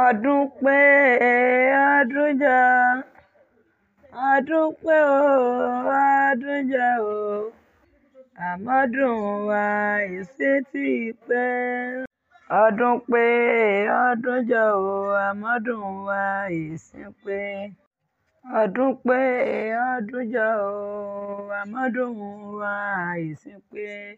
ọdún pé ọdún ọdún pé o ọdún o àmọ́dún wa ìsìn ti pẹ́. Ọdún pé ọdún jọ ò wa ìsìn pé. Ọdún pé ọdún jọ ò wa ìsìn pé.